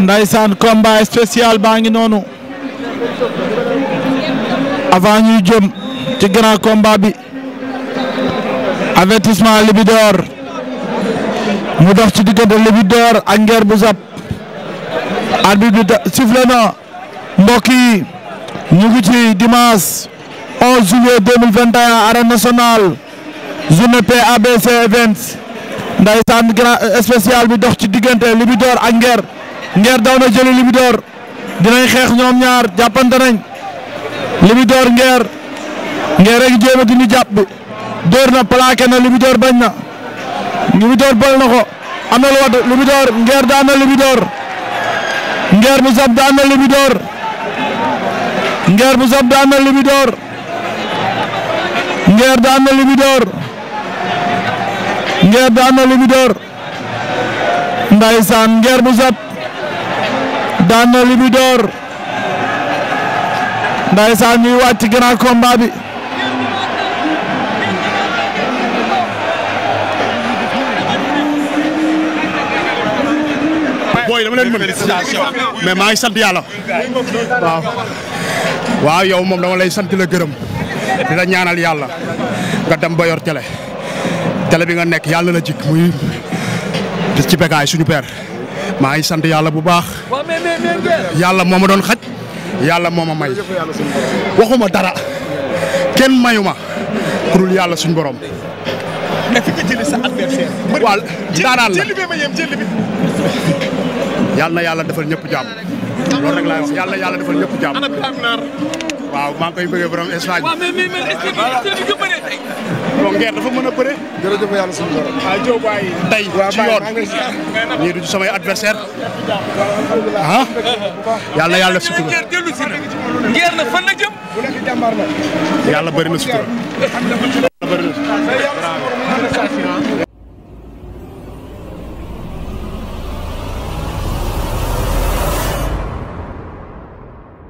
ndaysaan combat spécial baa ngi noonu avant ñuy jëm ci grand combat bi avertissement Libidor mu dox ci diggante Libidor ak Nguer bu Zap arbitre bi sifflé na mbokk yi ñu ngi ci dimanche 11 juillet 2021 arène nationale events ndaysaan grand euh, spécial bi dox ci diggante Libidor ak Nguer Nguer daw na jëli Libidor dinañ xeex ñoom ñaar jàppante nañ Libidor Nguer Nguer rek jéem a dindi jàpp bi dóor na plaqué na Libidor bañ na Libidor bal na ko na lu wadd daan na Libidor Nguer bu sab daan na Libidor Nguer bu sab daan na Libidor Nguer daan na Libidor ngeer daan na Libidor ndaysaan ngeer bu zap daan na Libidor ndaysaan ñuy wàcc grand combat bi boy dama leen mën mais maa ngi sant yàlla waaw waaw yow moom dama lay sant la gërëm di la ñaanal yàlla nga dem yor télé télé bi nga nekk yàlla la jik muy ci Bécaye suñu père maa ngi sant yàlla bu baax yàlla moo ma doon xaj yàlla moo ma may waxuma dara kenn mayu ma ku dul yàlla suñu borom. mais fi nga la yàlla na yàlla defal ñëpp jàmm. loolu rek yàlla ñëpp jàmm. waaw maa ngi koy bëggee borom Espagne. waaw mais mais mais est-ce que bi nga bëree tey. bon Nguer dafa mën a bëre. jërëjëf yàlla suñu borom. ah Diop Baye. tey ci yoon ñii du samay adversaire ah yàlla yàlla def sutura. Nguer na fan la jëm. yàlla bëri na sutura. yàlla bëri na sutura.